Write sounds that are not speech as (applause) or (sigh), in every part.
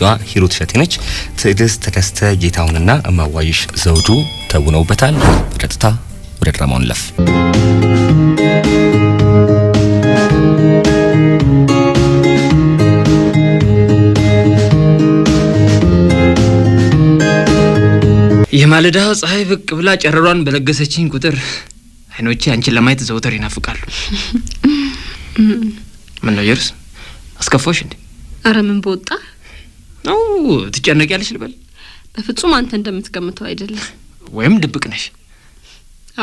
ደራሲዋ ሂሩት ሸቴነች፣ ትዕግስት ተከስተ ጌታውንና እማዋይሽ ዘውዱ ተውነውበታል። በቀጥታ ወደ ድራማውን ለፍ የማለዳ ፀሐይ ብቅ ብላ ጨረሯን በለገሰችኝ ቁጥር አይኖቼ አንቺን ለማየት ዘውተር ይናፍቃሉ። (laughs) ምን ነው የርስ አስከፋሽ እንዴ? አረ ምን በወጣ ነው ያለሽ ልበል? በፍጹም አንተ እንደምትገምተው አይደለም። ወይም ድብቅ ነሽ?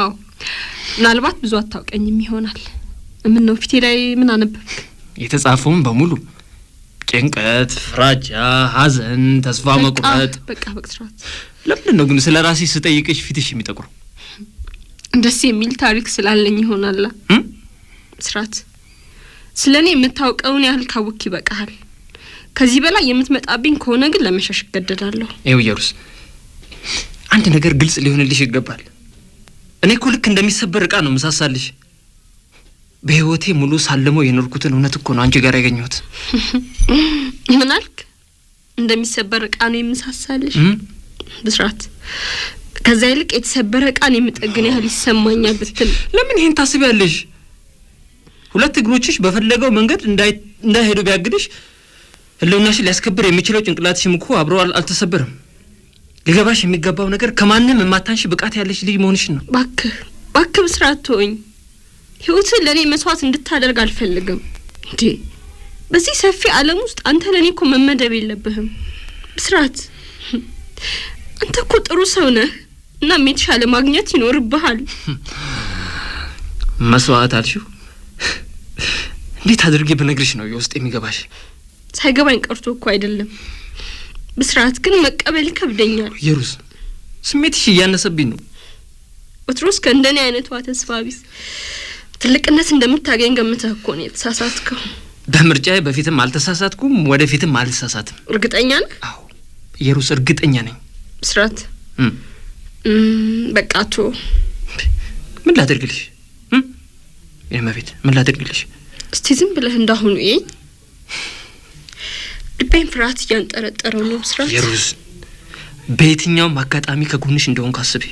አዎ፣ ምናልባት ብዙ አታውቀኝም ይሆናል። ምን ነው ፊቴ ላይ ምን አነበብክ? የተጻፈውን በሙሉ ጭንቀት፣ ፍራጃ፣ ሐዘን፣ ተስፋ መቁረጥ። በቃ በቅትራት። ለምንድን ነው ግን ስለ ራሴ ስጠይቅሽ ፊትሽ የሚጠቁሩ ደስ የሚል ታሪክ ስላለኝ ይሆናላ። ስራት፣ ስለ እኔ የምታውቀውን ያህል ካወክ ይበቃሃል። ከዚህ በላይ የምትመጣብኝ ከሆነ ግን ለመሸሽ እገደዳለሁ። ይኸው ኢየሩስ፣ አንድ ነገር ግልጽ ሊሆንልሽ ይገባል። እኔ እኮ ልክ እንደሚሰበር እቃ ነው ምሳሳልሽ። በህይወቴ ሙሉ ሳለመው የኖርኩትን እውነት እኮ ነው አንቺ ጋር ያገኘሁት። (laughs) ምን አልክ? እንደሚሰበር እቃ ነው የምሳሳልሽ? ብስራት፣ ከዛ ይልቅ የተሰበረ እቃን የምጠግን ያህል ይሰማኛል ብትል ለምን ይሄን ታስቢያለሽ? ሁለት እግሮችሽ በፈለገው መንገድ እንዳይሄዱ ቢያግድሽ ህልውናሽን ሊያስከብር የሚችለው ጭንቅላትሽም እኮ አብሮ አልተሰበረም። ሊገባሽ የሚገባው ነገር ከማንም የማታንሽ ብቃት ያለሽ ልጅ መሆንሽን ነው። እባክህ እባክህ ብስራት ትሆኝ ህይወትን ለእኔ መስዋዕት እንድታደርግ አልፈልግም። እንዴ በዚህ ሰፊ ዓለም ውስጥ አንተ ለእኔ እኮ መመደብ የለብህም። ብስራት አንተ እኮ ጥሩ ሰው ነህ። እና የተሻለ ማግኘት ይኖርብሃል። መስዋዕት አልሽው? እንዴት አድርጌ በነግርሽ ነው የውስጥ የሚገባሽ? ሳይገባኝ ቀርቶ እኮ አይደለም። ብስራት ግን መቀበል ይከብደኛል። የሩስ ስሜትሽ እያነሰብኝ ነው። ወትሮስ ከእንደኔ አይነቷ ተስፋ ቢስ ትልቅነት እንደምታገኝ ገምተህ እኮ ነው የተሳሳትከው። በምርጫ በፊትም አልተሳሳትኩም፣ ወደፊትም አልተሳሳትም። እርግጠኛ ነህ? አዎ የሩስ እርግጠኛ ነኝ። ብስራት ቶ ምን ላድርግልሽ? የመቤት ምን ላደርግልሽ? እስቲ ዝም ብለህ እንዳሁኑ ይኝ ልቤን ፍርሃት እያንጠረጠረው ነው። ምስራት የሩዝ በየትኛውም አጋጣሚ ከጎንሽ እንደሆን ካስብ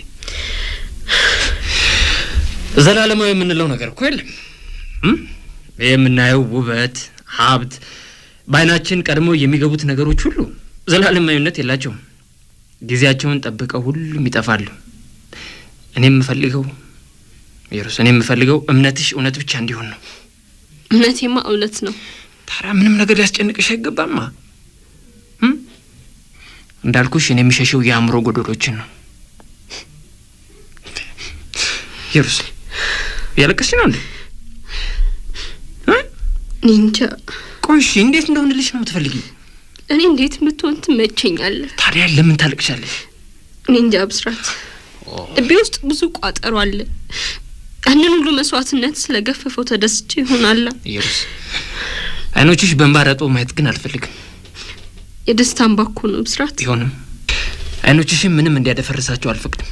ዘላለማዊ የምንለው ነገር እኮ የለም። የምናየው ውበት፣ ሀብት፣ በአይናችን ቀድሞ የሚገቡት ነገሮች ሁሉ ዘላለማዊነት የላቸውም። ጊዜያቸውን ጠብቀው ሁሉም ይጠፋሉ። እኔ የምፈልገው ሩስ እኔ የምፈልገው እምነትሽ እውነት ብቻ እንዲሆን ነው። እምነቴማ እውነት ነው። ታዲያ ምንም ነገር ሊያስጨንቅሽ አይገባማ። እንዳልኩሽ እኔ የሚሸሸው የአእምሮ ጎደሎችን ነው። የሩስ እያለቀስሽ ነው እንዴ? እንጃ። ቆይሽ እንዴት እንደሆንልሽ ነው ትፈልጊ? እኔ እንዴት ብትሆን ትመቸኛለህ? ታዲያ ለምን ታለቅሻለሽ? እኔ እንጃ ብስራት፣ ልቤ ውስጥ ብዙ ቋጠሮ አለ። ያንን ሁሉ መስዋዕትነት ስለገፈፈው ተደስቼ ይሆናላ። አይኖችሽ በእንባ ረጦ ማየት ግን አልፈልግም። የደስታ እንባ እኮ ነው ብስራት። ቢሆንም አይኖችሽም ምንም እንዲያደፈርሳቸው አልፈቅድም።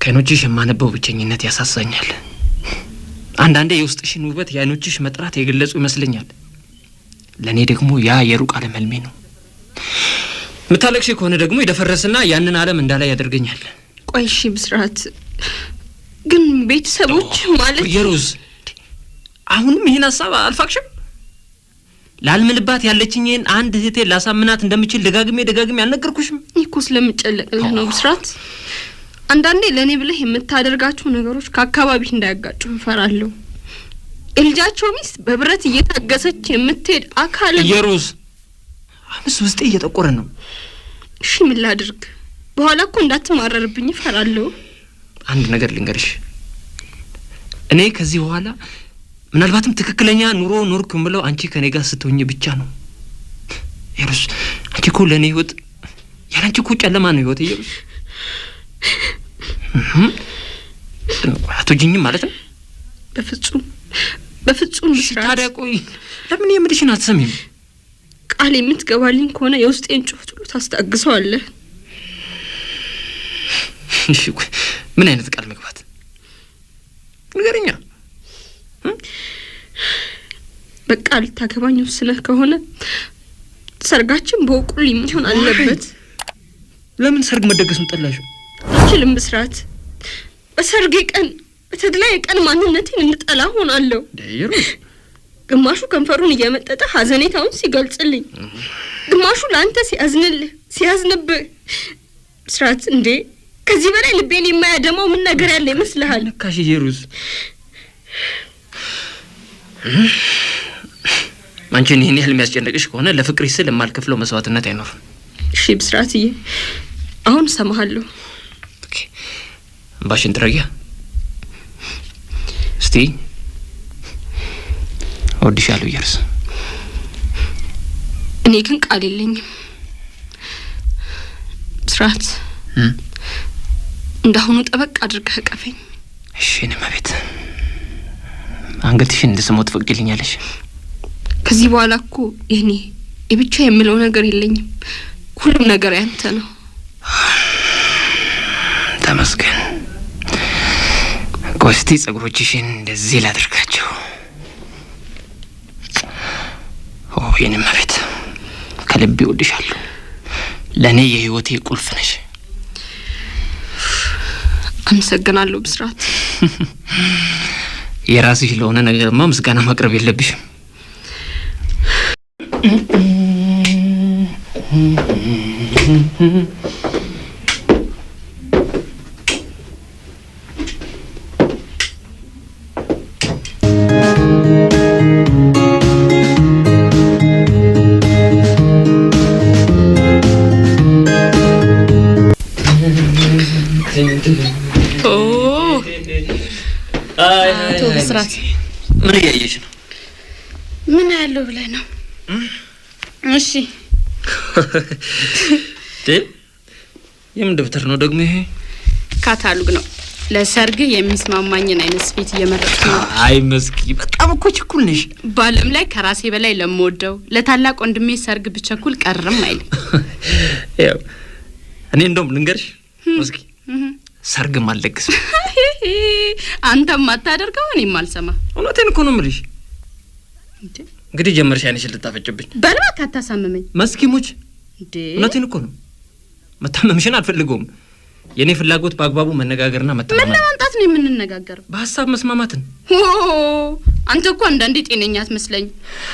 ከአይኖችሽ የማነበው ብቸኝነት ያሳሳኛል። አንዳንዴ የውስጥሽን ውበት የአይኖችሽ መጥራት የገለጹ ይመስለኛል። ለእኔ ደግሞ ያ የሩቅ ዓለም ህልሜ ነው። ምታለቅሽ ከሆነ ደግሞ የደፈረስና ያንን ዓለም እንዳላይ ያደርገኛል። ቆይ እሺ ብስራት፣ ግን ቤተሰቦች ማለት የሩዝ አሁንም ይህን ሀሳብ አልፋቅሽም? ላልምንባት ያለችኝን አንድ እህቴ ላሳምናት እንደምችል ደጋግሜ ደጋግሜ አልነገርኩሽም? እኔ እኮ ስለምጨለቅልህ ነው ብስራት። አንዳንዴ ለእኔ ብለህ የምታደርጋቸው ነገሮች ከአካባቢ እንዳያጋጩ እንፈራለሁ። የልጃቸው ሚስት በብረት እየታገሰች የምትሄድ አካል የሩዝ አምስ ውስጤ እየጠቆረ ነው። እሺ ምን ላድርግ? በኋላ እኮ እንዳትማረርብኝ እፈራለሁ። አንድ ነገር ልንገርሽ፣ እኔ ከዚህ በኋላ ምናልባትም ትክክለኛ ኑሮ ኖርኩ የምለው አንቺ ከኔ ጋር ስትሆኝ ብቻ ነው። ኢየሩስ አንቺ እኮ ለእኔ ህይወት፣ ያለ አንቺ እኮ ጨለማ ነው ህይወት። ኢየሩስ አትወጂኝም ማለት ነው? በፍጹም በፍጹም። ታዲያ ቆይ ለምን የምልሽን አትሰሚም? ቃል የምትገባልኝ ከሆነ የውስጤን ጩኸት ሁሉ ታስታግሰዋለህ። እሺ፣ ምን አይነት ቃል መግባት ንገርኛ በቃ ልታገባኝ ወስነህ ከሆነ ሰርጋችን በወቁልኝ መሆን አለበት። ለምን ሰርግ መደገሱን ጠላሽ? አልችልም ብስራት። በሰርጌ ቀን በተድላይ ቀን ማንነቴን እንጠላ ሆናለሁ። ግማሹ ከንፈሩን እየመጠጠ ሀዘኔታውን ሲገልጽልኝ፣ ግማሹ ለአንተ ሲያዝንልህ ሲያዝንብህ። ብስራት እንዴ ከዚህ በላይ ልቤን የማያደማው ምን ነገር ያለ ይመስልሃል? ካሽ ሩዝ አንቺን ይህን ያህል የሚያስጨንቅሽ ከሆነ ለፍቅር ስል የማልከፍለው መስዋዕትነት አይኖርም። እሺ ብስራትዬ፣ አሁን እሰማሃለሁ። እምባሽን ትረጊያ እስቲ። እወድሻለሁ እያርስ። እኔ ግን ቃል የለኝም ብስራት። እንዳሁኑ ጠበቅ አድርገህ ቀፈኝ። እሺ። እኔማ ቤት አንገትሽን እንድስመው ትፈቅጂልኛለሽ? ከዚህ በኋላ እኮ የኔ የብቻ የምለው ነገር የለኝም። ሁሉም ነገር ያንተ ነው። ተመስገን። ቆይ እስቲ ጸጉሮችሽን እንደዚህ ላድርጋቸው። ኦ የኔ መቤት ከልብ ይወድሻለሁ። ለእኔ የህይወቴ ቁልፍ ነሽ። አመሰግናለሁ ብስራት። የራስሽ ለሆነ ነገርማ ምስጋና ማቅረብ የለብሽም። 음, 음, 음, 음, 음, 음. 음. የምን ደብተር ነው ደግሞ ይሄ? ካታሎግ ነው። ለሰርግ የሚስማማኝን አይነት ስፌት እየመረጥኩ ነው። አይ መስኪ፣ በጣም እኮ ችኩል ነሽ። በዓለም ላይ ከራሴ በላይ ለምወደው ለታላቅ ወንድሜ ሰርግ ብቸኩል ቀርም አይልም። (laughs) ያው እኔ እንደውም ልንገርሽ መስኪ፣ ሰርግም አልደግስም። (laughs) አንተም አታደርገው፣ እኔም አልሰማ። እውነቴን እኮ ነው የምልሽ። እንግዲህ ጀመርሽ አይንሽ ልታፈጭብኝ። በልባ አታሳምመኝ መስኪ ሙች እውነቴን እኮ ነው። መታመምሽን አልፈልገውም። የእኔ ፍላጎት በአግባቡ መነጋገርና መታ ምን ለማምጣት ነው የምንነጋገር? በሀሳብ መስማማትን። አንተ እኮ አንዳንዴ ጤነኛ አትመስለኝ።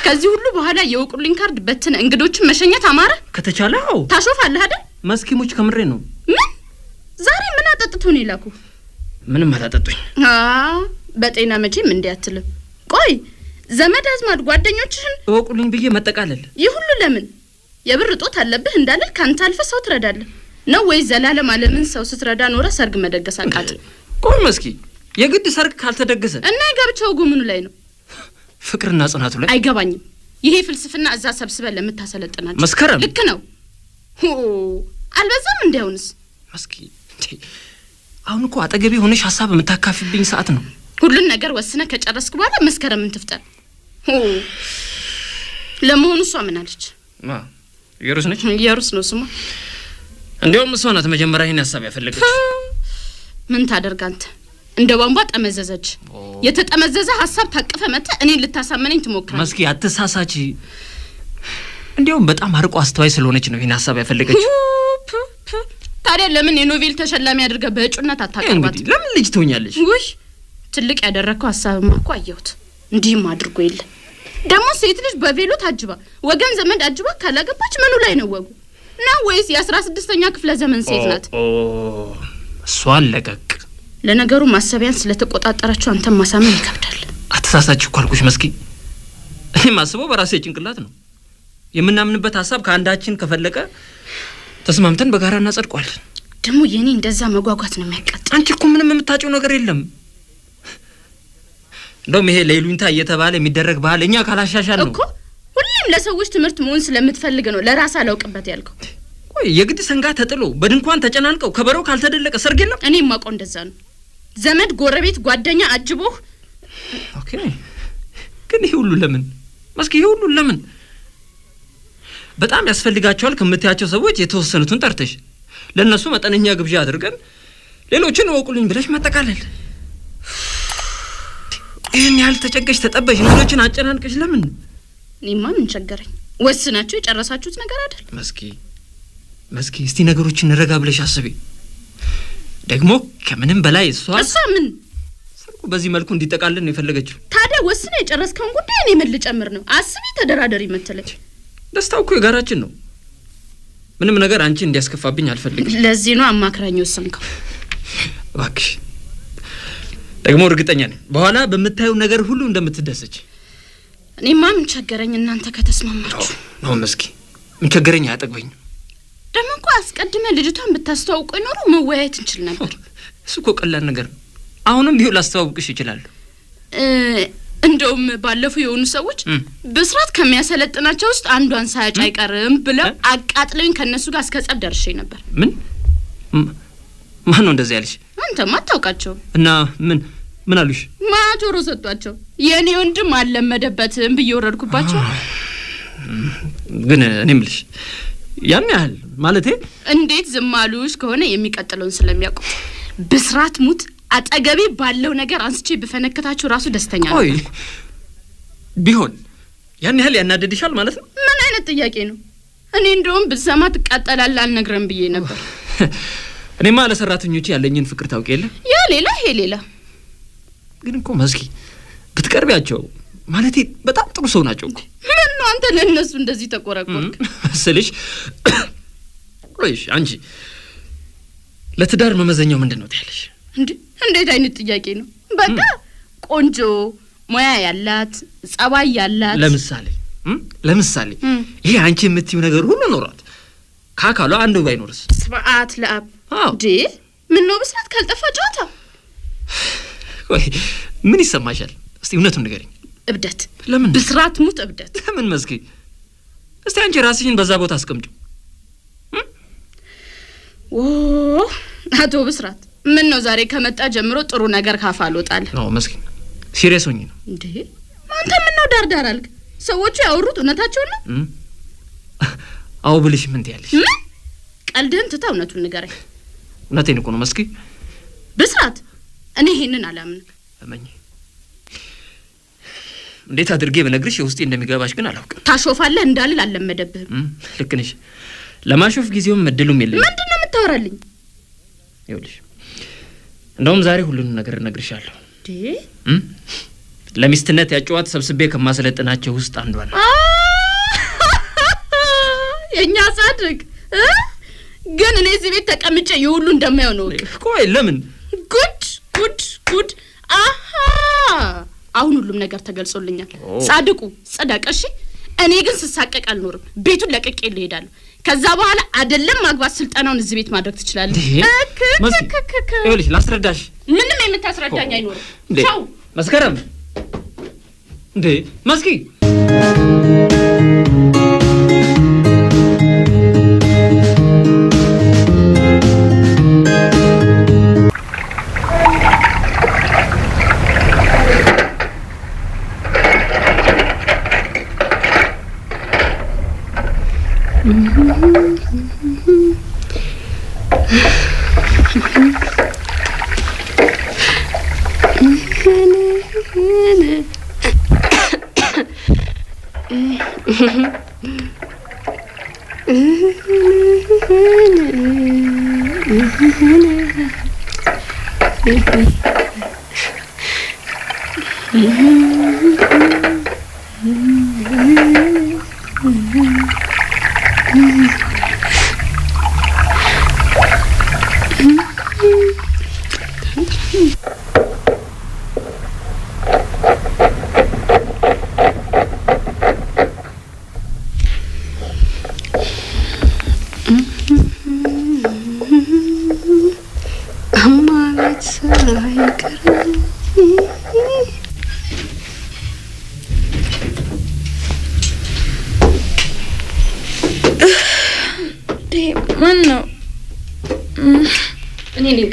ከዚህ ሁሉ በኋላ የወቁልኝ ካርድ በትነ እንግዶችን መሸኘት አማረ። ከተቻለ አዎ ታሾፋለህ አይደል? መስኪሞች ከምሬ ነው። ምን ዛሬ ምን አጠጥቶ ነው ይላኩ? ምንም አላጠጡኝ። በጤና መቼም እንዲህ አትልም። ቆይ ዘመድ አዝማድ ጓደኞችህን እወቁልኝ ብዬ መጠቃለል ይህ ሁሉ ለምን? የብር እጦት አለብህ እንዳለ ካንተ አልፈ ሰው ትረዳለህ ነው ወይ ዘላለም ዓለምን ሰው ስትረዳ ኖረ ሰርግ መደገስ አቃት? ቆም እስኪ የግድ ሰርግ ካልተደገሰ እና የጋብቻው ጉምኑ ላይ ነው ፍቅርና ጽናቱ ላይ አይገባኝም። ይሄ ፍልስፍና እዛ ሰብስበን ለምታሰለጥናቸው መስከረም ልክ ነው። አልበዛም? እንዲያውንስ መስኪ አሁን እኮ አጠገቤ ሆነሽ ሀሳብ የምታካፊብኝ ሰዓት ነው። ሁሉን ነገር ወስነ ከጨረስክ በኋላ መስከረምን ትፍጠር። ለመሆኑ እሷ ምን አለች? የሩስ ነች። የሩስ ነው ስሟ። እንዲያውም እሷ ናት መጀመሪያ ይህን ሀሳብ ያፈለገች። ምን ታደርግ አንተ እንደ ቧንቧ ጠመዘዘች። የተጠመዘዘ ሀሳብ ታቅፈ መተ እኔን ልታሳመነኝ ትሞክራለህ። መስኪ አትሳሳች። እንዲያውም በጣም አርቆ አስተዋይ ስለሆነች ነው ይህን ሀሳብ ያፈለገች። ታዲያ ለምን የኖቬል ተሸላሚ አድርገ በእጩነት አታቀርባት? ለምን ልጅ ትሆኛለች? ውይ ትልቅ ያደረግከው ሀሳብማ እኮ አየሁት። እንዲህም አድርጎ የለ ደግሞ ሴት ልጅ በቬሎ ታጅባ ወገን ዘመድ አጅባ ካላገባች ምኑ ላይ ነው ወጉ ነው? ወይስ የአስራ ስድስተኛ ክፍለ ዘመን ሴት ናት? እሷን ለቀቅ። ለነገሩ ማሰቢያን ስለተቆጣጠራቸው አንተን ማሳመን ይከብዳል። አተሳሳች እኮ አልኩሽ መስኪ። እኔ ማስበው በራሴ ጭንቅላት ነው። የምናምንበት ሀሳብ ከአንዳችን ከፈለቀ ተስማምተን በጋራ እናጸድቋል። ደግሞ የእኔ እንደዛ መጓጓት ነው የሚያቃጥ። አንቺ እኮ ምንም የምታጭው ነገር የለም እንደውም ይሄ ለይሉኝታ እየተባለ የሚደረግ ባህል እኛ ካላሻሻል ነው እኮ ሁሌም ለሰዎች ትምህርት መሆን ስለምትፈልግ ነው ለራስ አላውቅበት ያልከው። ቆይ የግድ ሰንጋ ተጥሎ በድንኳን ተጨናንቀው ከበሮው ካልተደለቀ ሰርግ የለም። እኔ የማውቀው እንደዛ ነው። ዘመድ፣ ጎረቤት፣ ጓደኛ አጅቦህ። ኦኬ፣ ግን ይሄ ሁሉ ለምን መስኪ? ይሄ ሁሉ ለምን? በጣም ያስፈልጋቸዋል ከምትያቸው ሰዎች የተወሰኑትን ጠርተሽ ለእነሱ መጠነኛ ግብዣ አድርገን ሌሎችን እወቁልኝ ብለሽ ማጠቃለል ይህን ያህል ተጨንቀሽ ተጠበሽ ነገሮችን አጨናንቀሽ ለምን? እኔማ ምን ቸገረኝ? ወስናችሁ የጨረሳችሁት ነገር አይደል? መስኪ መስኪ፣ እስቲ ነገሮችን ረጋ ብለሽ አስቢ። ደግሞ ከምንም በላይ እሷ እሷ ምን ሰርጉ በዚህ መልኩ እንዲጠቃልን ነው የፈለገችው። ታዲያ ወስነ የጨረስከውን ጉዳይ እኔ ምን ልጨምር ነው? አስቢ፣ ተደራደሪ መተለች። ደስታው እኮ የጋራችን ነው። ምንም ነገር አንቺ እንዲያስከፋብኝ አልፈልግም። ለዚህ ነው አማክራኝ ወሰንከው። እባክሽ ደግሞ እርግጠኛ ነኝ በኋላ በምታየው ነገር ሁሉ እንደምትደሰች። እኔማ ምን ቸገረኝ እናንተ ከተስማማችሁ ነው። መስኪ ምን ቸገረኝ፣ አያጠግበኝም። ደግሞ እኮ አስቀድመ ልጅቷን ብታስተዋውቀ ኖሮ መወያየት እንችል ነበር። እሱ እኮ ቀላል ነገር ነው። አሁንም ቢሆን ላስተዋውቅሽ ይችላሉ? እንደውም ባለፉ የሆኑ ሰዎች በስርዓት ከሚያሰለጥናቸው ውስጥ አንዷን ሳያጭ አይቀርም ብለው አቃጥለኝ ከእነሱ ጋር እስከ ጸብ ደርሼ ነበር። ምን ማን ነው እንደዚህ ያለሽ? አንተማ አታውቃቸውም። እና ምን ምን አሉሽ? ማጆሮ ሰጧቸው። የእኔ ወንድም አልለመደበትም ብዬ ወረድኩባቸው። ግን እኔ ምልሽ ያን ያህል ማለቴ እንዴት ዝም አሉሽ ከሆነ የሚቀጥለውን ስለሚያውቁ ብስራት ሙት አጠገቤ ባለው ነገር አንስቼ ብፈነከታችሁ ራሱ ደስተኛ ነው። ቢሆን ያን ያህል ያናደድሻል ማለት ነው? ምን አይነት ጥያቄ ነው? እኔ እንደውም ብትሰማ ትቃጠላለህ አልነግረም ብዬ ነበር። እኔማ ለሰራተኞቼ ያለኝን ፍቅር ታውቅ የለ ያ ሌላ ይሄ ሌላ። ግን እኮ መስኪ ብትቀርቢያቸው ማለቴ በጣም ጥሩ ሰው ናቸው እኮ። ምን ነው አንተ ለእነሱ እንደዚህ ተቆረቆርክ መሰልሽ? ቆይሽ አንቺ ለትዳር መመዘኛው ምንድን ነው ትያለሽ? እንዴ እንዴት አይነት ጥያቄ ነው? በቃ ቆንጆ፣ ሙያ ያላት፣ ጸባይ ያላት። ለምሳሌ ለምሳሌ ይሄ አንቺ የምትይው ነገር ሁሉ ኖሯት ከአካሏ አንዱ ባይኖርስ? ስብዓት ለአብ ድ ምን ነው ብስራት ካልጠፋ ጨዋታ። ቆይ ምን ይሰማሻል? እስቲ እውነቱን ንገሪኝ። እብደት? ለምን ብስራት ሙት እብደት? ለምን መዝጊ? እስቲ አንቺ ራስሽን በዛ ቦታ አስቀምጩ። ኦ አቶ ብስራት ምን ነው ዛሬ ከመጣ ጀምሮ ጥሩ ነገር ካፋ አልወጣለ። አዎ መስኪ፣ ሲሪየስ ሆኜ ነው። እንዴ አንተ ምን ነው ዳርዳር አልክ? ሰዎቹ ያወሩት እውነታቸውን ነው? አው ብልሽ ምን ትያለሽ? ምን ቀልድህን ትታ እውነቱን ንገረኝ። እውነቴን እኮ ነው መስኪ። ብስራት፣ እኔ ይሄንን አላምንም። እመኚ። እንዴት አድርጌ በነግርሽ የውስጤ እንደሚገባሽ ግን አላውቅም። ታሾፋለህ እንዳልል አልለመደብህም። ልክ ነሽ። ለማሾፍ ጊዜውም እድሉም የለኝም። ምንድን ነው የምታወራልኝ? ይኸውልሽ፣ እንደውም ዛሬ ሁሉንም ነገር እነግርሻለሁ። ለሚስትነት ያጨዋት ሰብስቤ ከማሰለጥናቸው ውስጥ አንዷ ነው (laughs) የእኛ እ ግን እኔ እዚህ ቤት ተቀምጬ የሁሉ እንደማየው ቆይ ለምን? ጉድ ጉድ ጉድ! አሀ አሁን ሁሉም ነገር ተገልጾልኛል። ጻድቁ ጸዳቀ። እሺ፣ እኔ ግን ስሳቀቅ አልኖርም። ቤቱን ለቅቄ ልሄዳለሁ። ከዛ በኋላ አይደለም ማግባት ስልጠናውን እዚህ ቤት ማድረግ ትችላለህ። ላስረዳሽ። ምንም የምታስረዳኝ አይኖርም። ቻው መስከረም። እንዴ መስኪ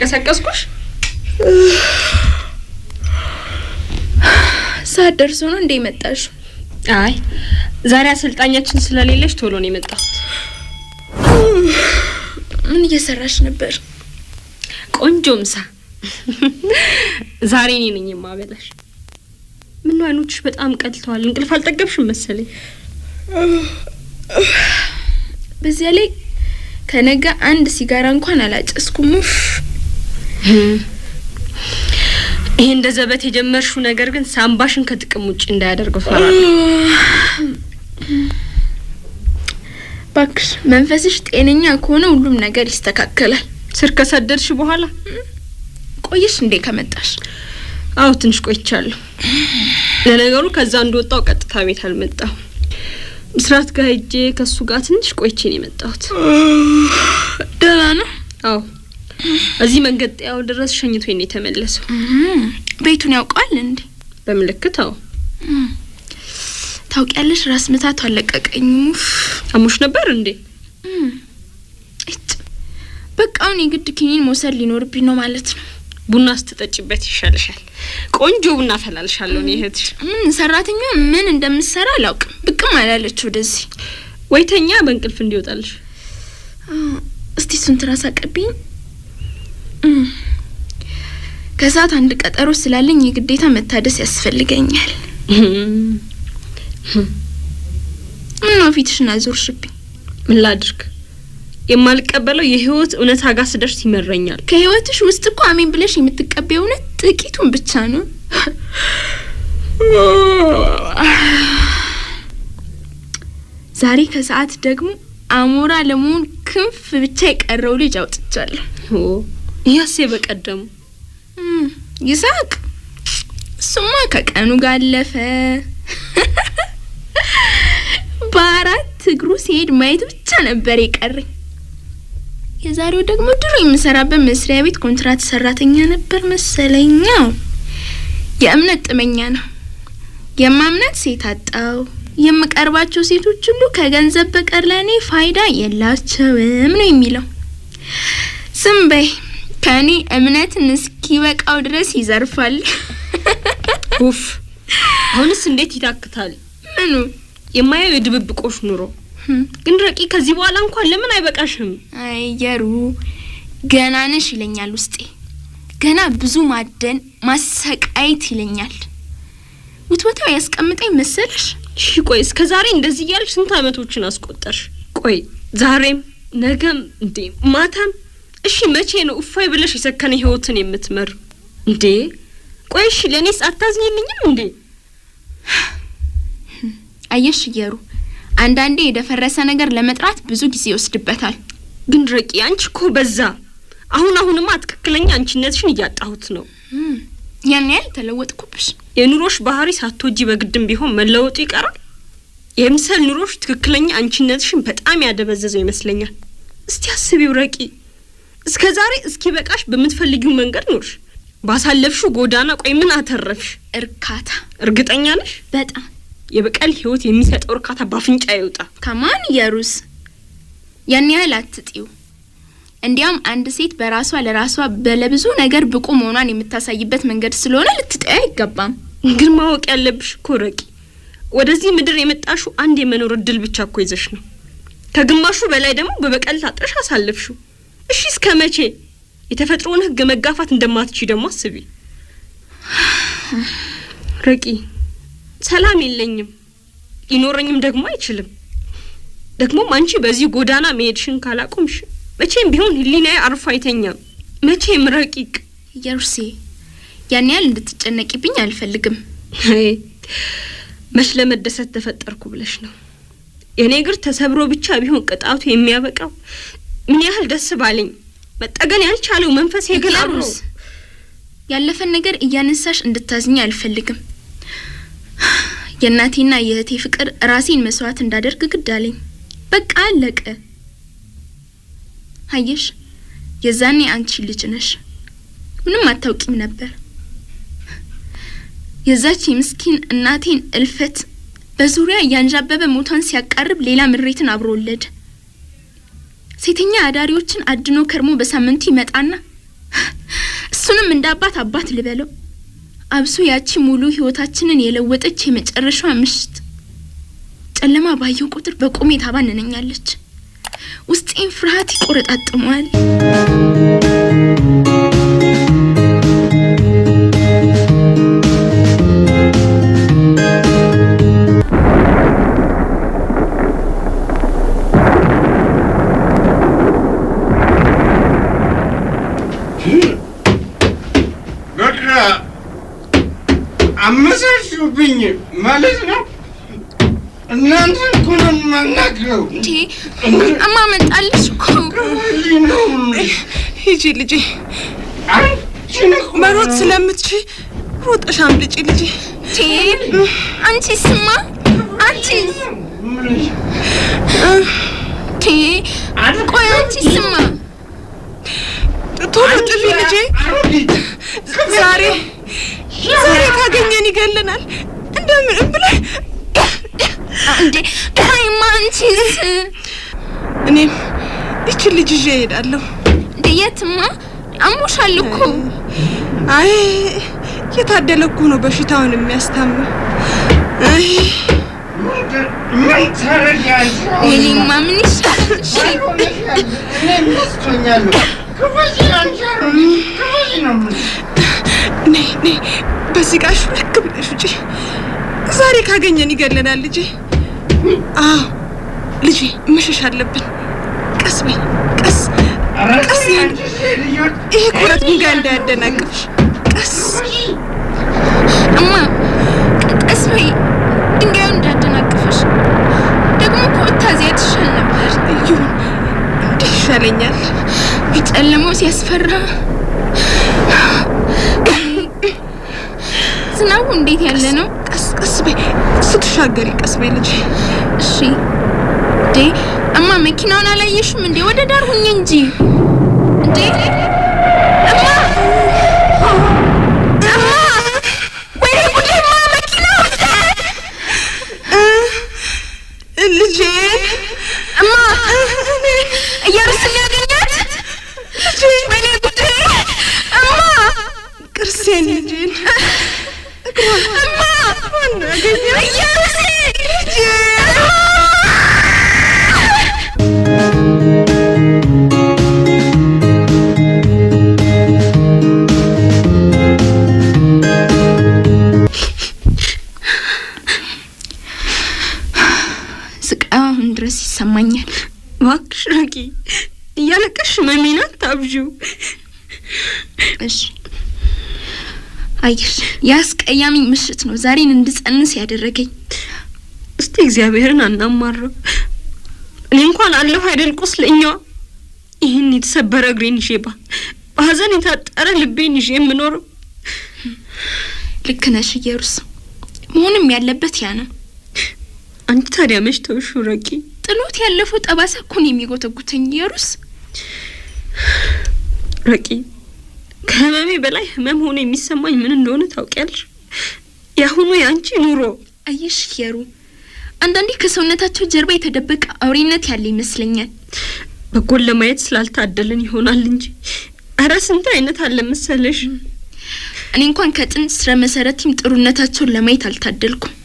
ቀሰቀስኩሽ? ሰዓት ደርሶ ነው እንዴ መጣሽ? አይ ዛሬ አሰልጣኛችን ስለሌለች ቶሎ ነው የመጣሁት። ምን እየሰራሽ ነበር? ቆንጆ ምሳ። ዛሬ እኔ ነኝ የማበላሽ። ምን አይኖችሽ በጣም ቀልተዋል። እንቅልፍ አልጠገብሽም መሰለኝ። በዚያ ላይ ከነገ አንድ ሲጋራ እንኳን አላጨስኩም። ይሄ እንደ ዘበት የጀመርሽው ነገር ግን ሳምባሽን ከጥቅም ውጭ እንዳያደርገው ፈራለሁ። እባክሽ መንፈስሽ ጤነኛ ከሆነ ሁሉም ነገር ይስተካከላል። ስር ከሰደድሽ በኋላ ቆየሽ እንዴ? ከመጣሽ አዎ፣ ትንሽ ቆይቻለሁ። ለነገሩ ከዛ እንደወጣው ቀጥታ ቤት አልመጣሁ። ምስራት ጋር ሄጄ ከሱ ጋር ትንሽ ቆይቼ ነው የመጣሁት። ደህና ነው? አዎ እዚህ መንገድ ጤያው ድረስ ሸኝቶ ነው የተመለሰው። ቤቱን ያውቀዋል እንዴ? በምልክት ታውቂያለሽ፣ ራስ ምታቱ አለቀቀኝ። አሞሽ ነበር እንዴ? እጭ በቃ አሁን የግድ ኪኒን መውሰድ ሊኖርብኝ ነው ማለት ነው። ቡና ስትጠጪበት ይሻልሻል። ቆንጆ ቡና ፈላልሻለሁ። ነው እህትሽ ምን ሰራተኛ ምን እንደምትሰራ አላውቅም። ብቅም አላለች ወደዚህ። ወይተኛ በእንቅልፍ እንዲወጣልሽ እስቲ እሱን ትራስ አቀብኝ ከሰዓት አንድ ቀጠሮ ስላለኝ የግዴታ መታደስ ያስፈልገኛል። ምነው ፊትሽን አዞርሽብኝ? ምን ላድርግ? የማልቀበለው የህይወት እውነት አጋ ስደርስ ይመረኛል። ከህይወትሽ ውስጥ እኮ አሜን ብለሽ የምትቀበየው እውነት ጥቂቱን ብቻ ነው። ዛሬ ከሰዓት ደግሞ አሞራ ለመሆን ክንፍ ብቻ የቀረው ልጅ አውጥቻለሁ። ያሴ በቀደሙ ይሳቅ ስማ ከቀኑ ጋለፈ! (laughs) በአራት እግሩ ሲሄድ ማየት ብቻ ነበር የቀረኝ። የዛሬው ደግሞ ድሮ የምሰራበት መስሪያ ቤት ኮንትራት ሰራተኛ ነበር መሰለኛው። የእምነት ጥመኛ ነው። የማምናት ሴት አጣው። የምቀርባቸው ሴቶች ሁሉ ከገንዘብ በቀር ለእኔ ፋይዳ የላቸውም ነው የሚለው። ዝም በይ ከእኔ እምነትን እስኪበቃው ድረስ ይዘርፋል። (laughs) ኡፍ! አሁንስ እንዴት ይታክታል? ምኑ የማየው የድብብቆሽ ኑሮ። ግን ረቂ ከዚህ በኋላ እንኳን ለምን አይበቃሽም? አየሩ ገና ነሽ ይለኛል ውስጤ። ገና ብዙ ማደን ማሰቃየት ይለኛል። ውትወታው ያስቀምጠኝ መሰልሽ? እሺ ቆይ እስከ ዛሬ እንደዚህ እያልሽ ስንት አመቶችን አስቆጠርሽ? ቆይ ዛሬም፣ ነገም እንዴ ማታም እሺ መቼ ነው እፎይ ብለሽ የሰከነ ህይወትን የምትመር እንዴ? ቆይ እሺ ለእኔስ አታዝኝልኝም እንዴ? አየሽ እየሩ፣ አንዳንዴ የደፈረሰ ነገር ለመጥራት ብዙ ጊዜ ይወስድበታል። ግን ረቂ፣ አንቺ እኮ በዛ። አሁን አሁንማ ትክክለኛ አንቺነትሽን እያጣሁት ነው። ያን ያህል ተለወጥኩብሽ። የኑሮሽ ባህሪ ሳትወጂ በግድም ቢሆን መለወጡ ይቀራል። የምሰል ኑሮሽ ትክክለኛ አንቺነትሽን በጣም ያደበዘዘው ይመስለኛል። እስቲ አስቢው ረቂ እስከ ዛሬ በቃሽ በምትፈልጊው መንገድ ኖርሽ። ባሳለፍሽው ጎዳና ቆይ ምን አተረፍሽ? እርካታ። እርግጠኛ ነሽ? በጣም የበቀል ህይወት የሚሰጠው እርካታ ባፍንጫ ይውጣ። ከማን የሩስ ያን ያህል አትጥዩ። እንዲያም አንድ ሴት በራሷ ለራሷ በለብዙ ነገር ብቁ መሆኗን የምታሳይበት መንገድ ስለሆነ ልትጠያ አይገባም። ግን ማወቅ ያለብሽ እኮ ረቂ፣ ወደዚህ ምድር የመጣሽው አንድ የመኖር እድል ብቻ እኮ ይዘሽ ነው። ከግማሹ በላይ ደግሞ በበቀል ታጥረሽ አሳለፍሽው። እሺ እስከ መቼ? የተፈጥሮውን ህግ መጋፋት እንደማትች ደግሞ አስቢ ረቂ። ሰላም የለኝም ሊኖረኝም ደግሞ አይችልም። ደግሞም አንቺ በዚህ ጎዳና መሄድሽን ካላቆምሽ መቼም ቢሆን ህሊናዬ አርፎ አይተኛም። መቼም ረቂቅ የሩሴ ያን ያህል እንድትጨነቂብኝ አልፈልግም። መች ለመደሰት ተፈጠርኩ ብለሽ ነው። የእኔ እግር ተሰብሮ ብቻ ቢሆን ቅጣቱ የሚያበቃው ምን ያህል ደስ ባለኝ። መጠገን ያልቻለው መንፈስ ግን ያለፈን ነገር እያነሳሽ እንድታዝኝ አልፈልግም። የእናቴና የእህቴ ፍቅር ራሴን መስዋዕት እንዳደርግ ግድ አለኝ። በቃ አለቀ። አየሽ፣ የዛኔ አንቺ ልጅ ነሽ፣ ምንም አታውቂም ነበር። የዛች ምስኪን እናቴን እልፈት በዙሪያ እያንዣበበ ሞቷን ሲያቃርብ ሌላ ምሬትን አብሮ ወለደ። ሴተኛ አዳሪዎችን አድኖ ከርሞ በሳምንቱ ይመጣና እሱንም እንደ አባት አባት ልበለው። አብሶ ያቺ ሙሉ ህይወታችንን የለወጠች የመጨረሻ ምሽት ጨለማ ባየው ቁጥር በቁሜ ታባንነኛለች። ውስጤን ፍርሃት ይቆረጣጥመዋል። አመሳሹብኝ ማለት ነው። እናንተ እኮ ነው የማናግረው። እንዴ እማመጣልሽ እኮ ሂጂ ልጄ። መሮጥ ስለምትች ሮጠሽ አምልጪ ልጄ። አንቺ ስማ አንቺ ቆይ አንቺ ስማ ቶሎ ጥፊ ልጄ። ዛሬ ዛሬ ካገኘን ይገለናል። እንደምንም ብለህ እንዴ! ሃይማንቺስ እኔም ይችን ልጅ ይዤ እሄዳለሁ። እንዴ! የትማ? አሞሻል እኮ። አይ የታደለ እኮ ነው በሽታውን የሚያስታምም። አይ ምን ታረጋለሽ? ምን በዚህ ጋሹ ልክ ብለሽ ውጪ። ዛሬ ካገኘን ይገለናል ልጄ። አዎ ልጄ፣ መሸሽ አለብን። ቀስ በይ ቀስ ቀስ። ይሄ ኩረት ድንጋይ እንዳያደናቅፍሽ። ቀስ እማ፣ ቀስ በይ፣ ድንጋዩ ደግሞ እኮ እታዚያ ትሻል ነበር። ይሁን፣ እንዲህ ይሻለኛል። ጨለማው ሲያስፈራ ዝናቡ እንዴት ያለ ነው? ቀስ ቀስ በይ፣ እሱ ቀስ በይ ልጅ። እሺ። እንዴ እማ መኪናውን አላየሽም እንዴ? ወደ ዳር ሁኝ እንጂ እንዴ ያስቀያሚኝ ምሽት ነው ዛሬን እንድጸንስ ያደረገኝ። እስቲ እግዚአብሔርን አናማረው። እኔ እንኳን አለሁ አይደል ቁስለኛዋ። ይህን የተሰበረ እግሬን ይዤ ባ በሀዘን የታጠረ ልቤን ይዤ የምኖረው። ልክ ነሽ እየሩስ፣ መሆንም ያለበት ያ ነው። አንቺ ታዲያ መች ተውሹ ረቂ ጥሎት ያለፈው ጠባሳ እኮ ነው የሚጎተጉተኝ ረቂ ከህመሜ በላይ ህመም ሆኖ የሚሰማኝ ምን እንደሆነ ታውቂያለሽ? የአሁኑ የአንቺ ኑሮ አየሽ ሄሩ፣ አንዳንዴ ከሰውነታቸው ጀርባ የተደበቀ አውሬነት ያለ ይመስለኛል። በጎን ለማየት ስላልታደልን ይሆናል እንጂ አረ ስንት አይነት አለ መሰለሽ። እኔ እንኳን ከጥንት ስረ መሰረትም ጥሩነታቸውን ለማየት አልታደልኩም።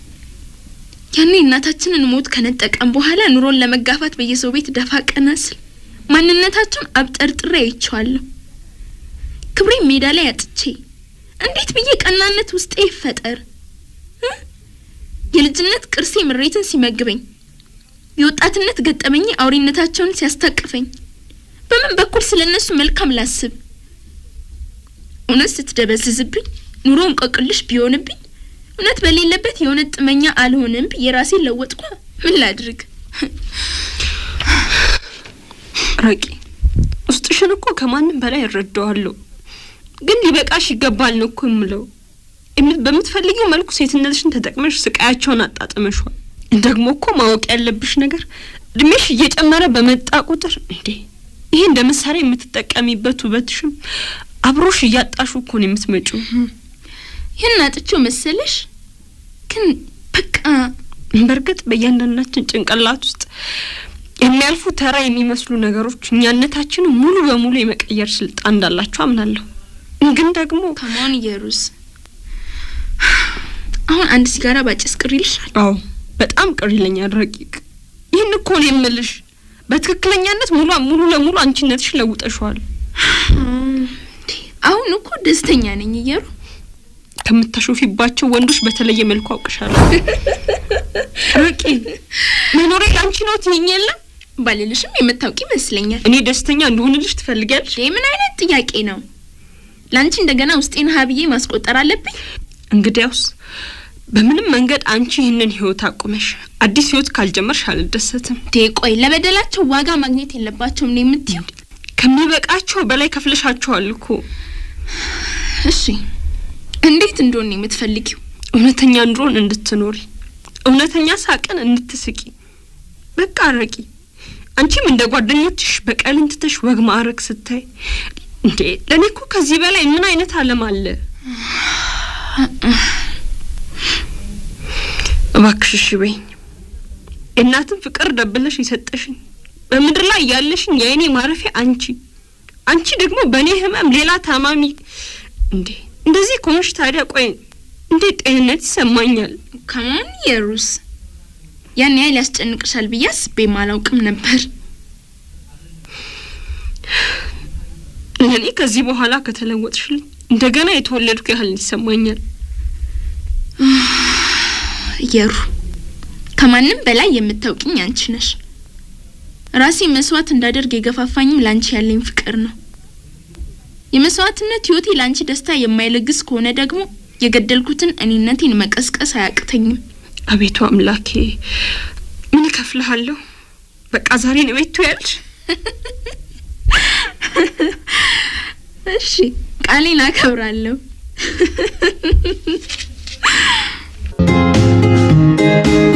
ያኔ እናታችንን ሞት ከነጠቀም በኋላ ኑሮን ለመጋፋት በየሰው ቤት ደፋ ቀና ስል ማንነታቸውን አብጠርጥሬ አይቼዋለሁ። ክብሬ ሜዳ ላይ አጥቼ እንዴት ብዬ ቀናነት ውስጤ ይፈጠር? የልጅነት ቅርሴ ምሬትን ሲመግበኝ፣ የወጣትነት ገጠመኝ አውሪነታቸውን ሲያስታቅፈኝ፣ በምን በኩል ስለ እነሱ መልካም ላስብ? እውነት ስትደበዝዝብኝ ኑሮ እንቆቅልሽ ቢሆንብኝ እውነት በሌለበት የሆነ ጥመኛ አልሆንም ብዬ ራሴን ለወጥኳ። ምን ላድርግ? ራቂ ውስጥሽን እኮ ከማንም በላይ እረዳዋለሁ። ግን ሊበቃሽ ይገባል ነው እኮ የምለው። በምትፈልጊው መልኩ ሴትነትሽን ተጠቅመሽ ስቃያቸውን አጣጥመሽዋል። ደግሞ እኮ ማወቅ ያለብሽ ነገር እድሜሽ እየጨመረ በመጣ ቁጥር እንዴ ይሄ እንደ ምሳሌ የምትጠቀሚበት ውበትሽም አብሮሽ እያጣሹ እኮ ነው የምትመጪው። ይህን አጥቼው መሰለሽ ግን በቃ በእርግጥ በእያንዳንዳችን ጭንቅላት ውስጥ የሚያልፉ ተራ የሚመስሉ ነገሮች እኛነታችንን ሙሉ በሙሉ የመቀየር ስልጣን እንዳላቸው አምናለሁ። ግን ደግሞ ከማን እየሩዝ አሁን አንድ ሲጋራ ባጭስ ቅር ይልሻል? አዎ በጣም ቅር ይለኛል ረቂቅ። ይህን እኮ ነው የምልሽ። በትክክለኛነት ሙሉ ሙሉ ለሙሉ አንቺነትሽ ለውጠሽዋል። አሁን እኮ ደስተኛ ነኝ እየሩ ከምታሾፊባቸው ወንዶች በተለየ መልኩ አውቅሻለሁ። ርቂ መኖሬ ለአንቺ ነው ትይኝ የለም ባልልሽም የምታውቂ ይመስለኛል። እኔ ደስተኛ እንደሆንልሽ ትፈልጊያለሽ? ምን አይነት ጥያቄ ነው? ለአንቺ እንደገና ውስጤን ሀብዬ ማስቆጠር አለብኝ። እንግዲያውስ በምንም መንገድ አንቺ ይህንን ህይወት አቁመሽ አዲስ ህይወት ካልጀመርሽ አልደሰትም። ዴ ቆይ፣ ለበደላቸው ዋጋ ማግኘት የለባቸውም ነው የምትይው? ከሚበቃቸው በላይ ከፍለሻቸዋል እኮ። እሺ እንዴት እንደሆነ የምትፈልጊው? እውነተኛ ኑሮን እንድትኖሪ፣ እውነተኛ ሳቅን እንድትስቂ። በቃ አረቂ። አንቺም እንደ ጓደኞችሽ በቀልን ትተሽ ወግ ማዕረግ ስታይ እንዴ ለእኔ እኮ ከዚህ በላይ ምን አይነት አለም አለ? እባክሽ እሺ በይኝ። የእናትን ፍቅር ደብለሽ የሰጠሽኝ በምድር ላይ ያለሽኝ የእኔ ማረፊያ አንቺ አንቺ ደግሞ በእኔ ህመም ሌላ ታማሚ እንዴ! እንደዚህ ከሆንሽ ታዲያ ቆይ እንዴት ጤንነት ይሰማኛል? ከማን የሩስ ያን ያህል ያስጨንቅሻል ብዬ አስቤ አላውቅም ነበር። እኔ ከዚህ በኋላ ከተለወጥሽልኝ እንደገና የተወለድኩ ያህል ይሰማኛል። የሩ ከማንም በላይ የምታውቂኝ አንቺ ነሽ። ራሴ መስዋዕት እንዳደርግ የገፋፋኝም ላንቺ ያለኝ ፍቅር ነው። የመስዋዕትነት ህይወቴ ላንቺ ደስታ የማይለግስ ከሆነ ደግሞ የገደልኩትን እኔነቴን መቀስቀስ አያቅተኝም። አቤቱ አምላኬ ምን እከፍልሃለሁ? በቃ ዛሬ ነው ቤቱ ያልሽ (laughs) እሺ፣ ቃሌን አከብራለሁ። Thank you.